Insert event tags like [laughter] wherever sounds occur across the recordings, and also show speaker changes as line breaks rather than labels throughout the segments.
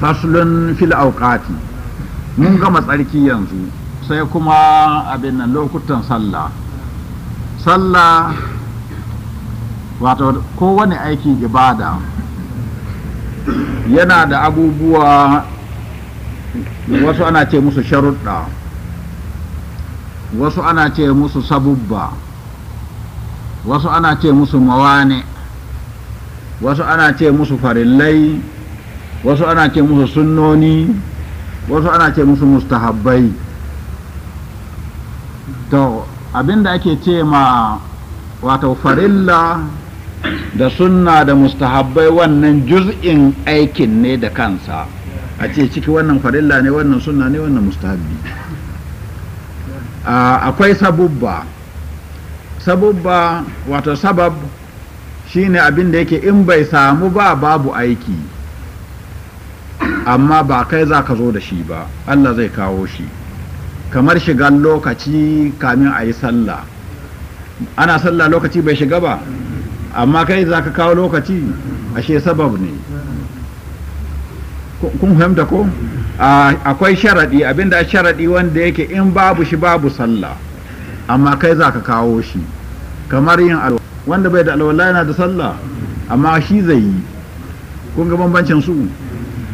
faslun fil auqati mun gama tsarki yanzu sai kuma abin nan lokutan sallah sallah wato kowane aikin ibada yana da abubuwa wasu ana ce musu sharuɗa wasu ana ce musu sabubba wasu ana ce musu mawane wasu ana ce musu farillai wasu ana ce musu sunnoni wasu ana ce musu mustahabbai to abinda ake ce ma wato farilla da sunna da mustahabbai wannan juz'in aikin ne da kansa a ce ciki wannan farilla ne wannan sunna ne wannan mustahabbi ah, akwai sabubba sabubba wato sabab shine abin da yake in bai samu ba babu aiki amma ba kai za ka zo da shi ba Allah zai kawo shi kamar shiga lokaci kamin a yi sallah ana sallah lokaci bai shiga ba amma kai za ka kawo lokaci ashe sabab ne kun fahimta ko akwai sharaɗi abinda a sharaɗi wanda yake in babu shi babu sallah amma kai za ka kawo shi kamar yin alwala wanda bai da alwala yana da sallah amma shi zai yi kun ga bambancin su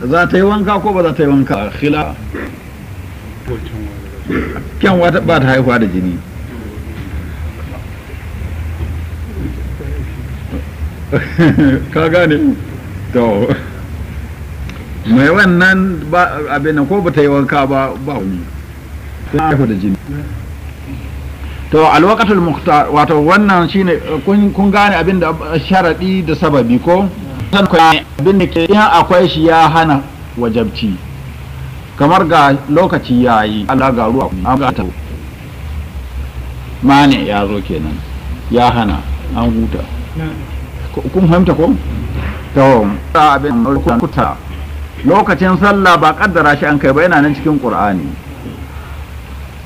za ta yi wanka ko ba za ta yi wanka khila wata ba ta haihuwa da jini [laughs] ka gane to mai wannan abin nan ko ba ta yi wanka ba ba wani ta haihu da jini to alwakatul muhtar wato wannan shine kun gane abin da sharaɗi da sababi ko san kwaye abin da ke in akwai shi ya hana wajabci kamar ga lokaci ya yi Allah ga ruwa an gata ta ya zo kenan ya hana an huta kun fahimta ko to abin kuta lokacin sallah ba kaddara shi an kai ba yana nan cikin qur'ani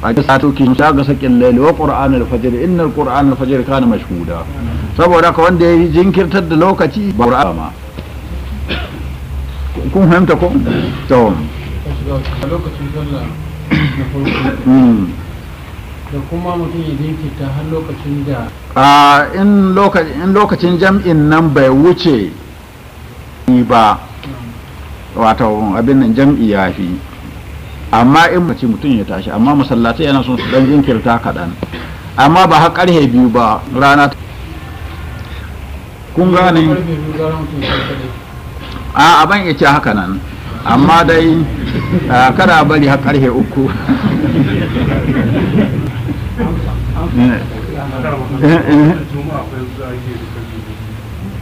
a ga sato kin shaga sakin laili wa qur'anul fajr innal qur'anul fajr kana mashhuda saboda ka wanda ya yi jinkirtar da lokaci ba ba ma kun fahimta ko? to lokacin sallah na hmm. da kuma mutum ya jinkirta har lokacin da a in lokacin jam'in nan bai wuce ni ba wata abin nan jam'i ya fi amma in mace mutum ya tashi amma masallatai yana son su dan jinkirta kaɗan amma ba har ƙarhe biyu ba rana ta. kun gane a abin ya ce haka nan amma dai kada bari a karhe uku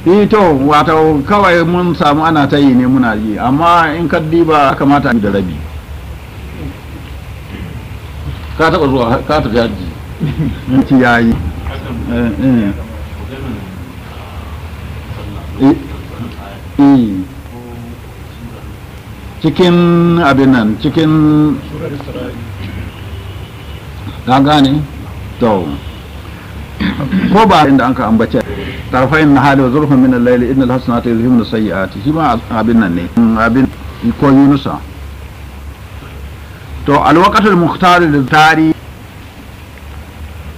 Ito [laughs] eh, wata kawai mun samu ana ta yi ne muna yi amma in ka diba kamata da rabi ka taɓa zuwa ka tafi yaji yi eh, eh. cikin abinan cikin ta gane to ko ba inda an ka ambace tarfayin na hali wa zurfin min al-layli innal hasanati yuzhibun sayyi'ati shi ma abin nan ne abin ko yunusa to al-waqtul mukhtar da tari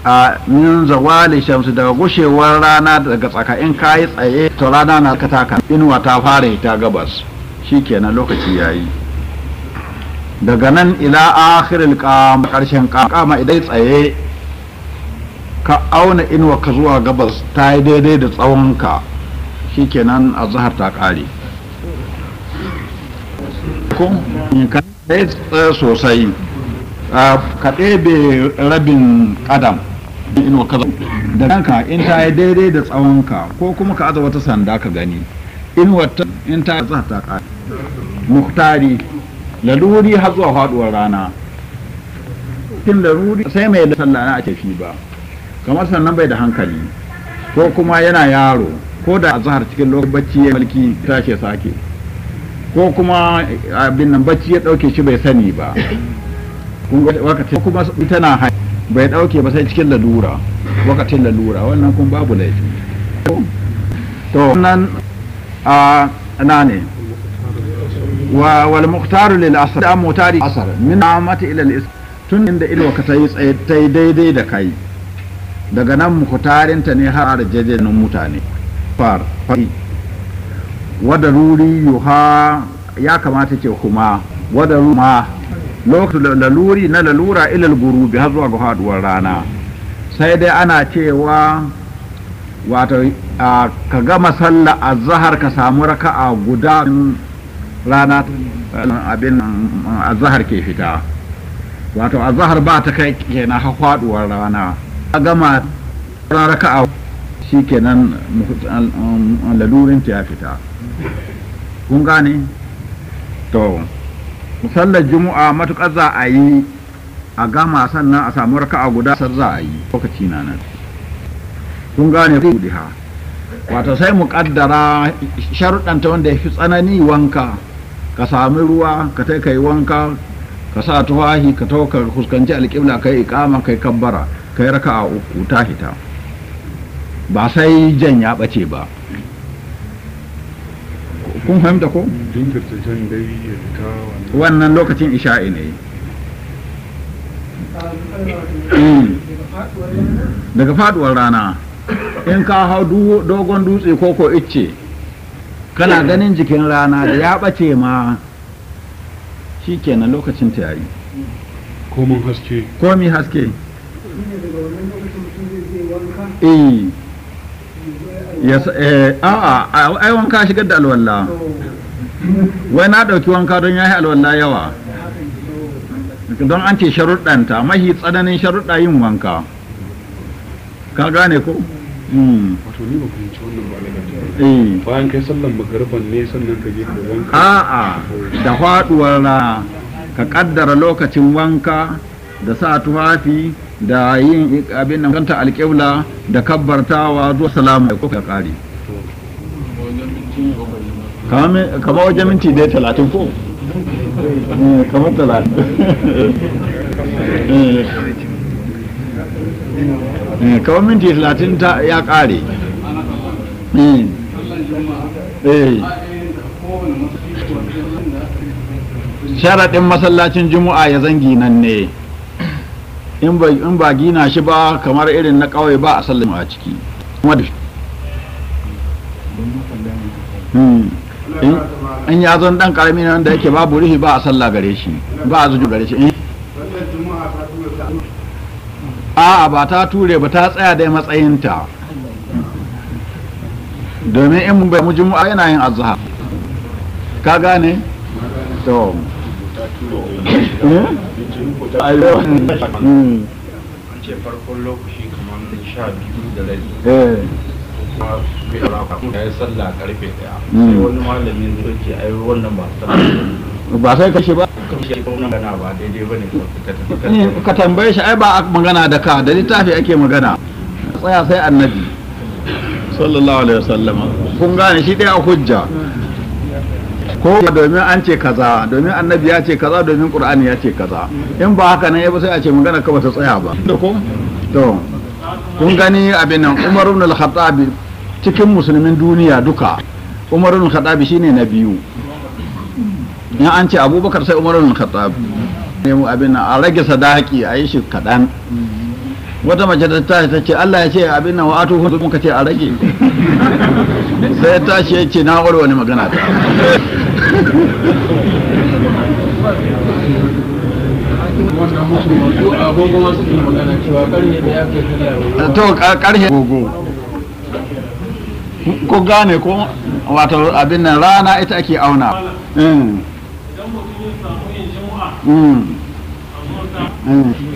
a min zawali shamsu daga gushewar rana daga tsaka in ka yi tsaye ta rana na kataka inuwa ta fara ta gabas shikenan lokaci yayi daga nan ila akhiril qam karshen kama idai tsaye ka auna inuwa ka zuwa gabas ta yi daidai da tsawon ka shikenan azhar ta kare kun ka sosai ka ɗebe rabin ƙadam in wa da ranka in ta yi daidai da tsawonka ko kuma ka aza wata sanda ka gani in wata in ta za ta ka muhtari laluri har zuwa faduwar rana cikin laluri sai mai sallah na ake fi ba kamar sannan bai da hankali ko kuma yana yaro ko da azhar cikin lokacin bacci ya mulki tashi sake ko kuma abin nan bacci ya dauke shi bai sani ba kun ga kuma tana bai dauke ba sai cikin lalura wakatin lalura wannan kun babu laifi to nan a na ne wa wal muhtaru lil asr da mutari asr min amati ila lis tun inda ilwa ka tayi tsaye daidai da kai daga nan ta ne har arjajen mutane far fari wada ruri yuha ya kamata ce kuma wada ruma lokacin laluri na lalura ilal gurubi har zuwa ga haduwar rana sai dai ana cewa wato ka gama sallah zahar ka samu a guda rana abin a zahar ke fita wato zahar ba ta kai kenan har haduwar rana a gama raka'a shikenan lalurin ta ya fita kun gane to sallar juma'a matuƙar za a yi a gama sannan a samu raka'a guda sar za a yi lokaci na nan kun gane diha wato sai mu kaddara sharuɗanta wanda ya fi tsanani wanka ka sami ruwa ka ta kai wanka ka sa tuwahi ka ta ka fuskanci alƙibla kai ka yi kabbara kai raka'a uku ta hita ba sai jan ya ɓace ba kun fahimta ko wannan lokacin isha'i ne mm. daga faduwar rana in ka hau dogon dutse ko ko icce kana ganin jikin rana da ya ɓace ma shi kenan lokacin ta yayi haske komi haske ya eh, ai wanka shigar da alwalla wai na dauki wanka don yayi alwalla yawa don an ce sharuɗanta mahi tsananin sharuɗa yin wanka ka gane ko hmm. wato ni ba fahimci wannan ba daga eh. bayan kai sallan magarban ne sannan ka je ka wanka a'a da faduwar na, ka kaddara lokacin wanka da sa tufafi da yin abin nan ta alƙibla da kabbartawa zuwa salama ko ka ƙari kama wajen minti dai talatin ko eh, kamar talatin [laughs] eh, eh, kama minti talatin ta ya ƙare sharaɗin masallacin juma'a ya zangi nan ne in ba gina shi ba kamar irin na ƙauye ba a sallama a ciki hmm. in ya zan dan karami nan da yake babu rihi ba a sallah gare shi ba a zuju gare shi eh. a'a ba ta ture ba ta tsaya dai matsayinta domin in bai mu juma'a yana yin azhar ka gane to eh? Hmm. an ce farkon lokaci kamar sha biyu da eh. kuma ya sallah karfe daya hmm. sai wani wannan ba ba sai kashe ba eh, ka tambaye shi ai ba a magana da ka da littafi ake magana tsaya sai annabi sallallahu alaihi wasallama kun gane shi ɗaya a hujja hmm. ko domin an ce kaza domin annabi ya ce kaza domin qur'ani ya ce kaza in ba haka nan ya ba sai a ce magana ka ba ta tsaya ba to kun gani abin nan Umar ibn al-Khattab cikin musulmin duniya duka Umar ibn al-Khattab shine na biyu in an ce Abubakar sai Umar ibn al-Khattab ne mu abin nan a rage sadaki a yi shi kadan wata mace ta tashi ta ce Allah ya ce abin nan wa atu kun muka ce a rage sai ta tashi ya ce na warwa wani magana ta to karshe gogo ko gane ko wato abin nan rana ita ake auna Mm. Mm. ya mm.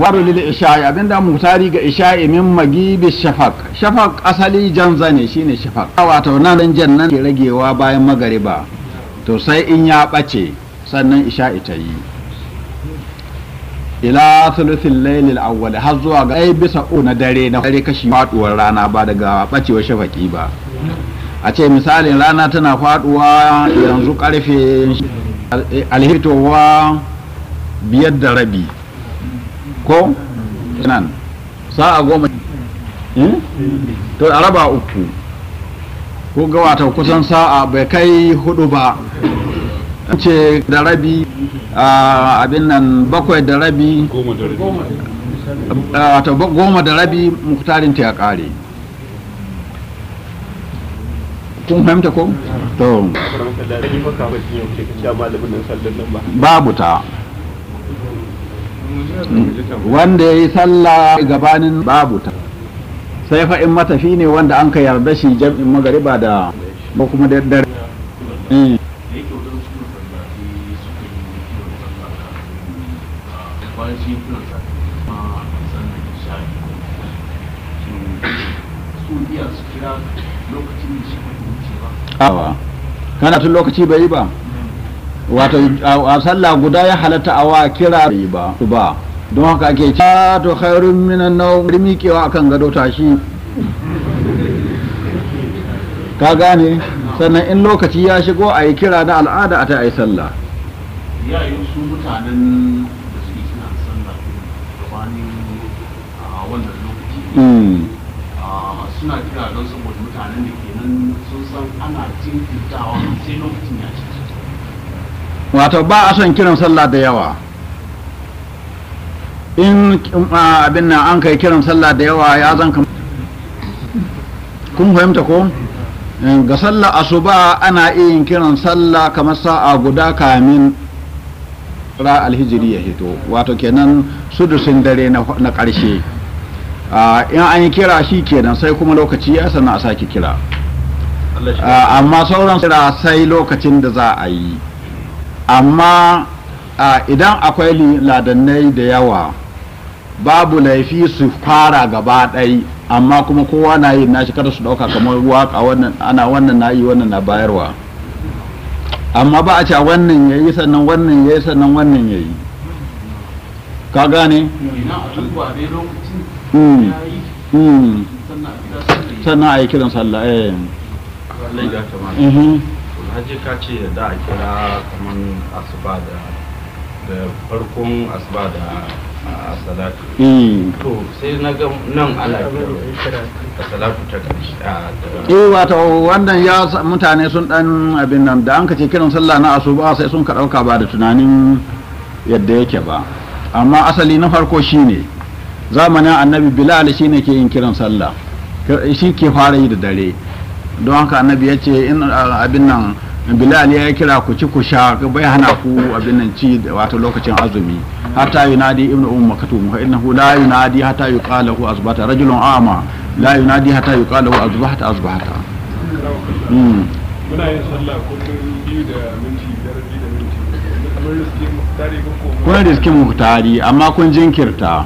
waru lil isha'i abinda tari ga isha'i min magibi shafak. Shafak asali janza ne shine shafaq wato nan jannan ke ragewa bayan magariba to sai in ya bace sannan ishaya ta yi ila thuluthil laylil awwal har zuwa ga ai bisa na dare na dare kashi faduwar rana ba daga bacewa shafaki ba a ce misalin rana tana faduwa yanzu karfe alhitowa biyar da rabi ko nan sa'a goma eh? to a raba uku ko ga kusan sa'a bai kai hudu ba ce da rabi abin nan bakwai da rabi goma da rabi muktarin ta ya kare kun fahimta ko? to babu ta wanda ya yi sallah gabanin babu ta sai fa matafi ne wanda an ka yarda shi jam'in magariba da ba kuma da dare eh. kana tun lokaci bai yi ba wato a sallah guda ya halatta awa kira ba ba don haka ake ce ah, to khairun minan nau a akan gado tashi
ka gane sannan
in lokaci ya shigo a yi kira na al'ada a ta yi sallah
mutanen da yi suna sallah gabanin wannan lokaci hmm. suna kira don saboda mutanen da ke nan sun san ana cin fitawa sai
wato ba a son kiran sallah da yawa in abin nan an kai kiran sallah da yawa ya zan kun fahimta ko eh, ga sallah asuba ana iya kiran sallah kamar sa'a guda kamin ra alhijiri ya hito wato kenan sudusin dare na karshe in an yi kira shi kenan sai kuma lokaci ya sana a sake kira amma sauran sai lokacin da za a yi amma idan akwai ladannai da yawa babu laifi su fara gaba ɗai amma kuma kowa na yi nashi kada su ɗauka kamar waka wannan ana wannan na yi wannan na bayarwa amma ba a ce wannan ya yi sannan wannan ya yi sannan wannan ya yi ka gane? Hmm. Hmm. sannan a yi kiran sallah eh. haji ka ce da a kira kamar asuba da da farkon asuba da asalatu mm. to sai na ga nan ana asalatu ta ƙarshe eh wato wannan ya mutane sun ɗan abin nan da an ka ce kiran sallah na asuba sai sun ka ɗauka ba da tunanin yadda yake ba amma asali na farko shi ne zamanin annabi bilal shi ne ke yin kiran sallah shi ke fara yi da dare don haka annabi ya ce in abin nan bilal ya kira ku ci ku sha bai hana ku abin nan ci wato lokacin azumi hatta yunadi ibnu ummu maktum fa innahu la yunadi hatta yuqala hu asbata rajulun ama la yunadi hatta yuqala hu asbahta asbahta hmm.
muna yin sallah kullum biyu da minti biyar biyu da minti kun
riski muhtari amma kun jinkirta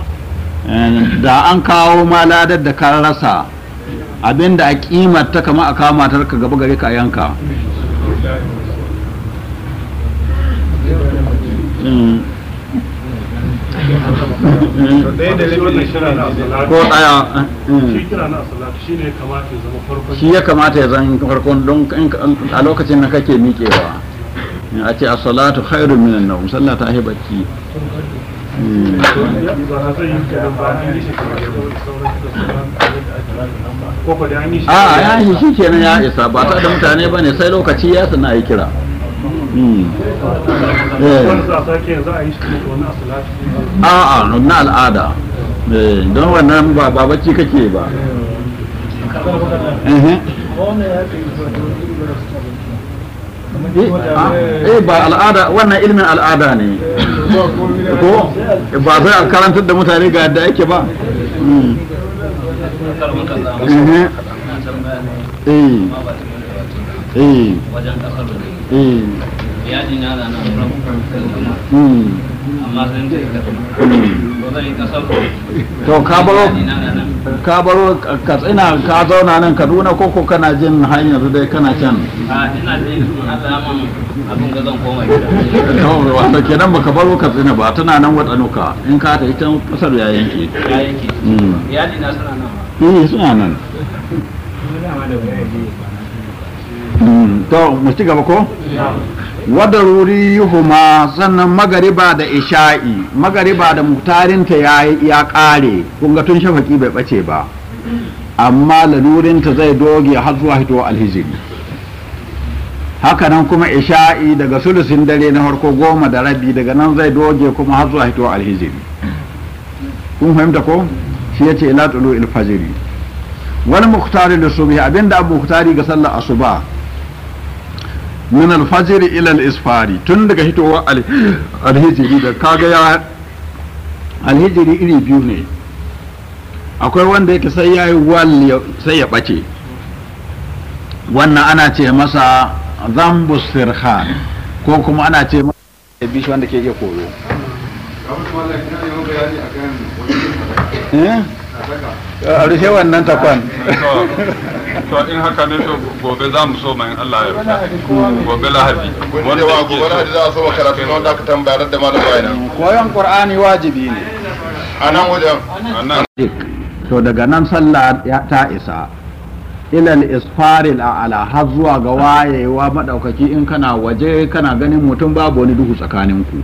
eh, da an kawo ma ladar da kan rasa abinda a kimar ta kama a kama ka gaba gare ka yanka mm.
ko mm. shi ya
kamata ya zama farkon don a lokacin da kake miƙewa a ce a salatu hairu minan na ta Ah,
ah, a ya yi shi kenan ya isa ba ta da mutane ba ne sai
lokaci ya sana yi kira hmm. eh. A'a ah, na al'ada eh, don wannan ba babacci kake ba eh. Eh, eh ba al'ada wannan ilmin al'ada ne
ko ba zai a karantar da mutane ga yadda ake ba hmm. eh. Eh. wajen amma sun ka to ka baro
ka baro ka tsina ka zauna nan Kaduna ko ko kana jin hanyar yanzu kana can
a ina jin Allah ya abin zan koma gida
to kenan baka baro ka tsina ba tana nan wadanuka in ka ta ita kasar ya yanke ya yanke hmm.
ya suna nan
eh suna nan hmm, to mu ci gaba ko wadaruri huma sannan magariba da isha'i magariba da muktarinta ya ƙare kunga tun shafaki bai ɓace ba amma lalurinta zai doge har zuwa hito alhijiri hakanan kuma isha'i daga sulusin dare na harko goma da rabi daga nan zai doge kuma har zuwa hito alhijiri kun fahimta ko shi ya ce ila tulu ilfajiri wani muktari da subhi abinda abu muktari ga sallar asuba min alfajr ila isfari tun daga hitowar alhijiri da kaga ya alhijiri iri biyu ne akwai wanda yake sai yayi wal sai ya ɓace wannan ana ce masa zambu sirhan ko kuma ana ce masa bishi wanda ke iya koyo eh?
a rufe wannan takwan [laughs] to in haka ne to gobe za mu so mai Allah ya
rufa gobe lahadi wanda wa gobe lahadi za a so karatu na da aka tambayar da malam bayana koyon qur'ani wajibi ne anan wajen anan to daga nan sallah ta isa ilal isfaril a'ala har zuwa ga wayewa madaukaki in kana waje kana ganin mutum babu wani duhu tsakaninku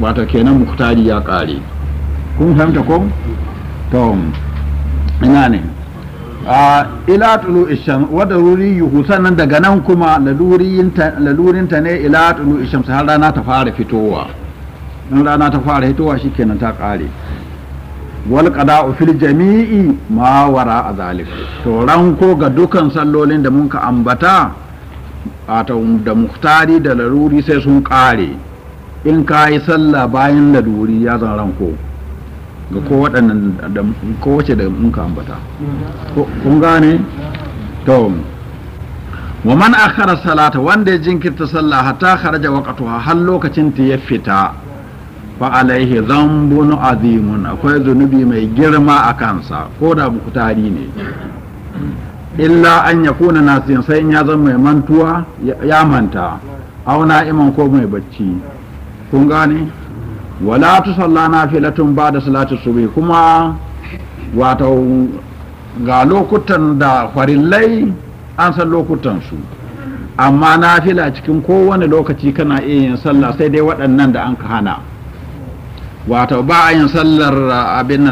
wato kenan muhtari ya kare kun fahimta ko to ina ne A ila tulu isham wa ruri yuhu sannan daga nan kuma lalurinta ta ne ila tulu isham har rana ta fara fitowa in rana ta fara fitowa kenan ta kare wal qada fil jami'i ma wara to ranko ga dukan sallolin da mun ka ambata ta da muhtari da laruri sai sun kare in ka yi sallah bayan laluri ya zan ranko ga ko waɗannan da kowace da muka ambata
kun gane
to wa man akhara salata wanda ya jinkirta sallah hatta kharaja waqtuha har lokacin ta ya fita fa alaihi dhanbun azimun akwai zunubi mai girma a kansa ko da tari ne illa an yakuna nasiyan sai in ya zama mai mantuwa ya manta auna iman ko mai bacci kun gane wala tu salla nafilatun bada da salatu subhi kuma wato ga lokutan da farillai an san lokutan su amma nafila cikin kowane lokaci kana iya yin sallah sai dai waɗannan da an ka hana wato ba a yin sallar abin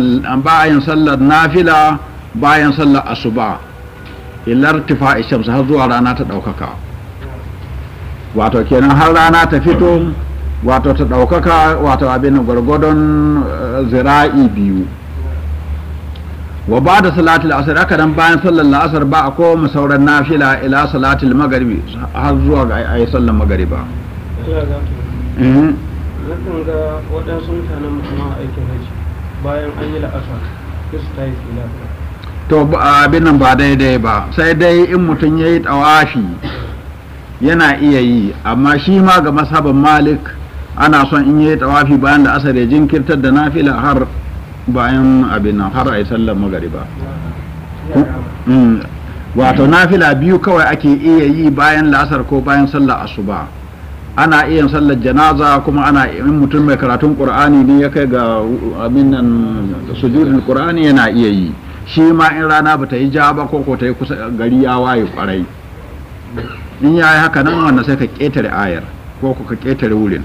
ba a yin sallar nafila bayan sallar asuba illar tifa'i shams har zuwa rana ta ɗaukaka wato kenan har rana ta fito wato ta ɗaukaka wato abin gwargwadon eh, zira'i biyu wa ba da salatul asar aka nan bayan sallar la'asar ba a kowa sauran nafila ila salatul magaribi har zuwa ga ayi sallar magariba nakan eh.
ga waɗansu mutanen musamman bayan an yi la'asar ta yi
to abin nan ba daidai ba sai dai in mutum ya yi tawafi yana iya yi amma shi ma ga masabin malik ana son in yi tawafi bayan da asar ya jinkirtar da nafila har bayan abin nan har a yi sallar magariba mm. wato nafila biyu kawai ake iya yi bayan la'asar ko bayan sallar asuba ana iya sallar janaza kuma ana in mutum mai karatun qur'ani ne ya kai ga abin nan sujudin qur'ani yana iya yi shi ma in rana ba ta yi ja ba ko ko ta yi kusa gari ya waye kwarai in yayi haka nan wanda sai ka ketare ayar ko ka ketare wurin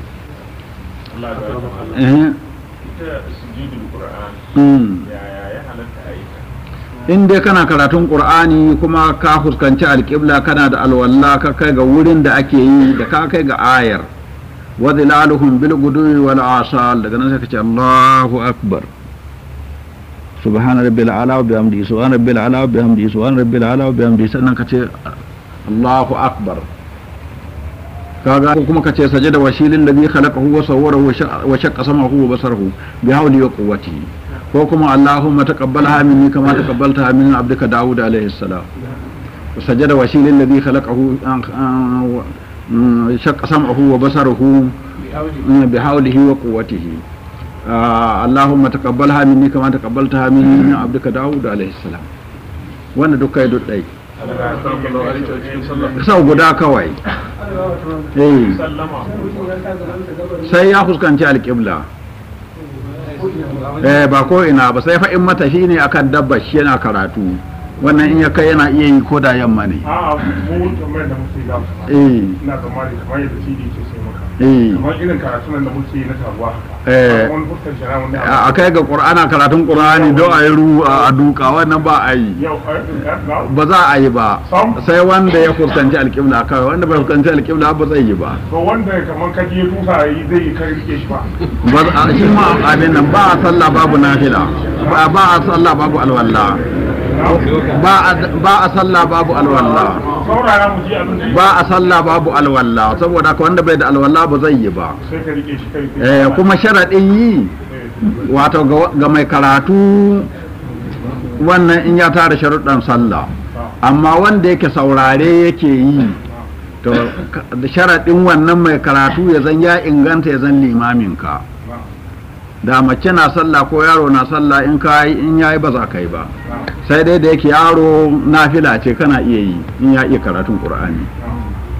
Eh? Hmm.
in dai kana karatun ƙur'ani kuma ka fuskanci alƙibla kana da alwalla ka kai ga wurin da ake yi da ka kai ga ayar wadda laluhun bilgudu wani asal daga nan sai ka ce Allahu akbar subhana rabbil ala wa bihamdihi subhana rabbil ala wa bihamdihi subhana rabbil ala wa biyamdi sannan ka ce Allahu akbar kaga kuma ka ce sajada wa shilin ladhi khalaqahu wa sawwarahu wa shaqqa sam'ahu wa basarahu bi hawli wa quwwati ko kuma Allahumma taqabbalha minni kama taqabbaltaha min abdika daud alayhi salam sajada wa shilin ladhi khalaqahu shaqqa sam'ahu wa basarahu bi hawlihi wa quwwatihi ah, Allahumma taqabbalha minni kama taqabbaltaha min abdika daud alayhi salam wannan duk kai dai sau guda kawai
eh. sai
ya fuskanci alƙibla eh, ba ko ina ba sai fa'in mata shi ne akan dabba shi yana karatu wannan in ya kai yana iya yi ko da yamma ne a
mutum mai da na zama da eh. kamar yadda shi ne ke Eh. Eh. a
kai ga ƙur'ana karatun ƙur'ani don a yi ru a duka wannan ba a yi ba za a yi ba sai wanda ya kusanci alƙibla kawai wanda bai fuskanci alƙibla ba zai yi ba
zai yi ba ba shi ma
abin nan ba a sallah babu nafila ba a sallah babu alwala ba a sallah babu alwalla ba a sallah babu alwalla saboda ka wanda bai da alwalla ba zai yi ba eh, kuma sharaɗin yi wato ga mai karatu wannan in ya tara sharuɗan sallah amma wanda yake saurare yake yi to sharaɗin wannan mai karatu ya zan ya inganta ya zan ka, da mace na sallah ko yaro na sallah in ka in yayi ba za ka yi ba sai dai da yake yaro nafila ce kana iya yi in ya iya karatun qur'ani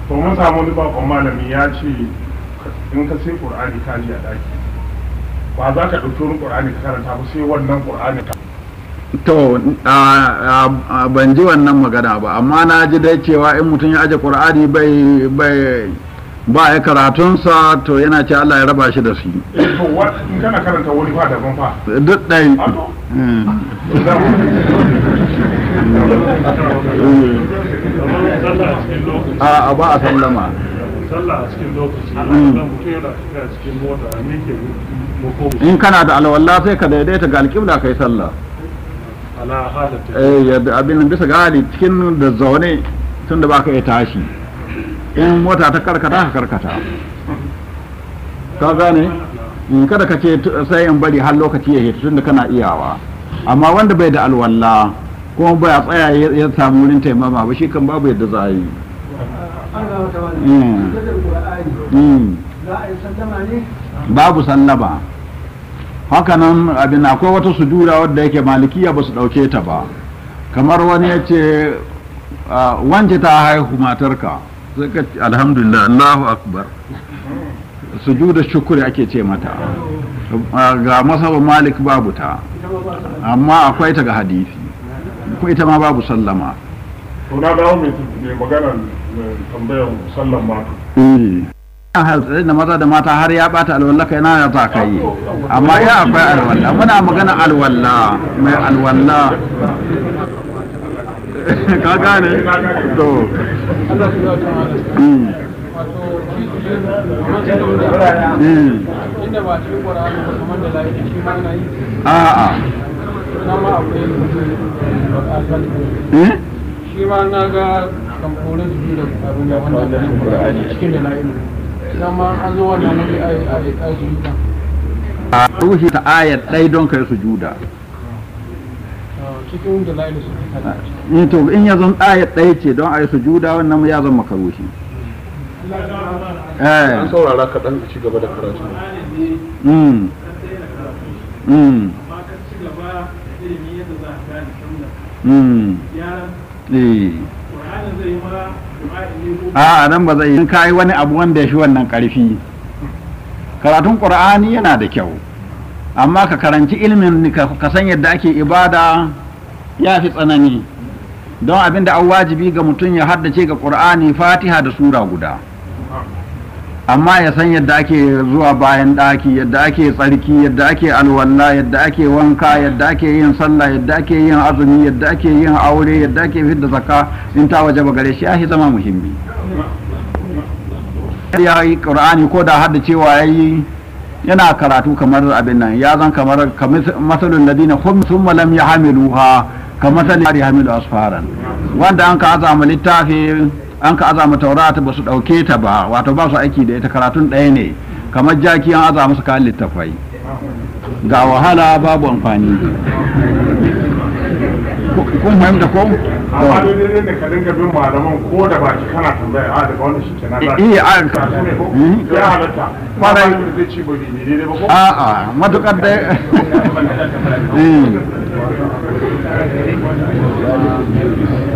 to mun samu wani bakon malami ya ce in ka sai qur'ani ka ji a daki ba za ka ɗauki wani qur'ani ka karanta ba sai wannan qur'ani ka
to ban ji wannan magana ba amma na ji dai cewa in mutum ya aje qur'ani bai bai ba ya karatunsa to yana ce Allah ya raba shi da su.
To, in kana karanta wani fa daban fa?
Duk ɗaya. Mm. Mm.
a mm. in kana
da alwala sai ka daidaita ga alƙibla kai sallah eh abin bisa ga hali cikin da zaune tun da baka tashi in mota ta karkata ka karkata ka gane Mm, kada ka ce sai in bari har lokaci ya hito tunda kana iyawa amma wanda bai da alwalla, kuma bai a tsaya ya samu wurin taimama ba shi kan babu yadda za a yi mm. Mm. babu sallama hakanan abin akwai wata sujura wadda yake malikiya ba su ɗauke ta ba kamar wani ya ce ah, wance ta haihu matarka alhamdulillah allahu akbar sujuda shukuri ake ce mata ga masabar malik babu ta amma akwai ta ga hadisi ko ita ma babu sallama na dawo mai magana tambayar sallan mata eh na maza da mata har ya bata alwallaka yana ya za ka yi amma ya akwai alwalla muna magana alwalla mai alwalla [laughs] ka gane to hmm. Hmm. a'a
shi ma na ga kamforin su
da abin da kuma wannan cikin da
la'ilu ma an zo wannan wani a
sujuda a ruhi ta ayat ɗai don kai juda
cikin da la'ilu
su to in ya zan ayat ɗaya ce don a yi su juda wannan ya zama ka makarushi
Eh. an
nan ba zai yi ka yi wani abu wanda ya shi wannan ƙarfi karatun ƙur'ani yana da kyau amma ka karanci ilmin ka san yadda ake ibada ya fi tsanani don abin da an wajibi ga mutum ya haddace ga ƙur'ani fatiha da sura guda amma ya san yadda ake zuwa bayan ɗaki yadda ake tsarki yadda ake alwala yadda ake wanka yadda ake yin sallah yadda ake yin azumi yadda ake yin aure yadda ake fidda zakka in ta waje gare shi ya zama muhimmi ya yi ƙur'ani ko da hada cewa ya yi yana karatu kamar abin nan ya zan kamar masalun ladina hum summa lam yahmiluha kamathali hamilu asfaran wanda an ka azama littafi an ka azama taurata ba su ɗauke ta ba wato ba su aiki da ita karatun ɗaya ne kamar jaki an aza musu kayan littafai ga wahala babu amfani kun fahimta ko? da baki
kana a da eh, eh, hmm? ya
da [laughs]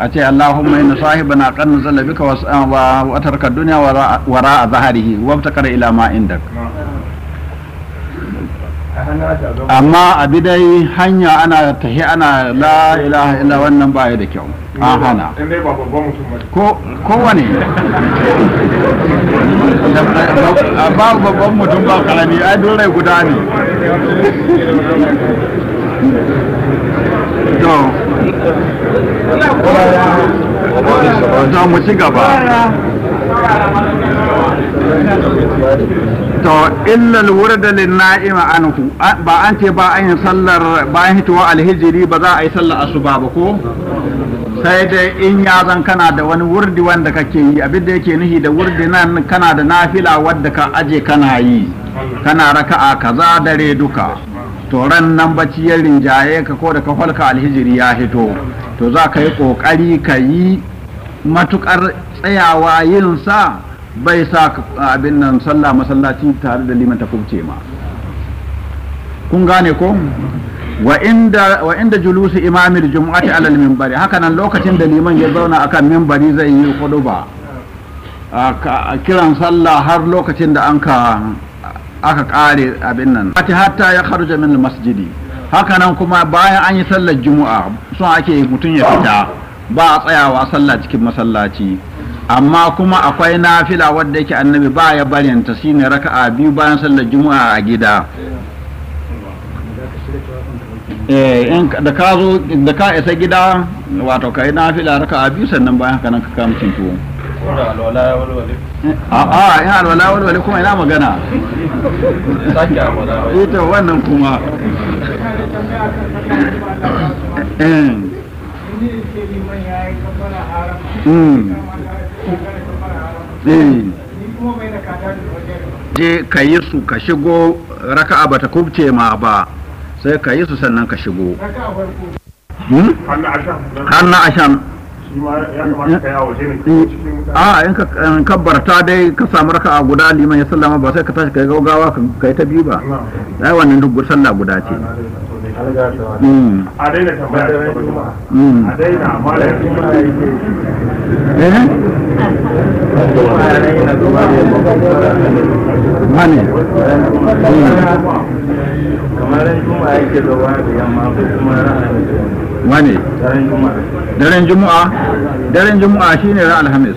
a ce Allahumma inna sahibana qad nazala bika wa atarka dunya wara a zaharihi wa taqara ila ma indak amma a bidai hanya ana tahi ana la ilaha illa wannan baya da kyau an hana ko wani ba babban mutum ba karami ai dole guda ne to za mu ci gaba to illal wurda lin na'ima anhu ba an ce ba an yi sallar bayan hitowa alhijiri ba za a yi sallar asuba ba ko sai dai in ya zan kana da wani wurdi wanda kake yi abin da yake nuhi da wurdi nan kana da nafila wadda ka aje kana yi kana raka'a kaza dare duka to ran nan bacci ya rinjaye ka ko da ka falka alhijiri ya hito to za ka yi ƙoƙari ka yi matuƙar tsayawa yinsa bai sa abin nan sallah masallaci tare da liman ta kubce ma kun gane ko wa inda wa inda julusi imamil jumu'ati alal minbari hakanan lokacin da liman ya zauna akan mimbari zai yi ba, a kiran sallah har lokacin da an ka aka kare abin nan hatta ya kharja min masjidi haka nan kuma bayan an yi sallar juma'a sun ake mutum ya fita ba a tsayawa sallah cikin masallaci amma kuma akwai nafila wadda yake annabi ba ya barinta shine raka'a biyu bayan sallar juma'a a gida eh, da ka zo da ka isa gida wato kai nafila raka'a biyu sannan bayan haka nan ka cin tuwo a'a ina alwala walwale kuma ina magana ita eh wannan kuma eh. Hmm. Eh. je ka yi su ka shigo raka'a ba ta kubce ma ba sai ka yi su sannan ka shigo hmm? hannu ashan
shi ma ya kamata ka yawo ne
cikin a in ka kabbarta dai ka samu a guda liman ya sallama ba sai ka tashi yi gaugawa ka yi ta biyu ba ai wannan duk sallah guda ce wane hmm. hmm. eh? daren juma'a daren juma'a shine ran alhamis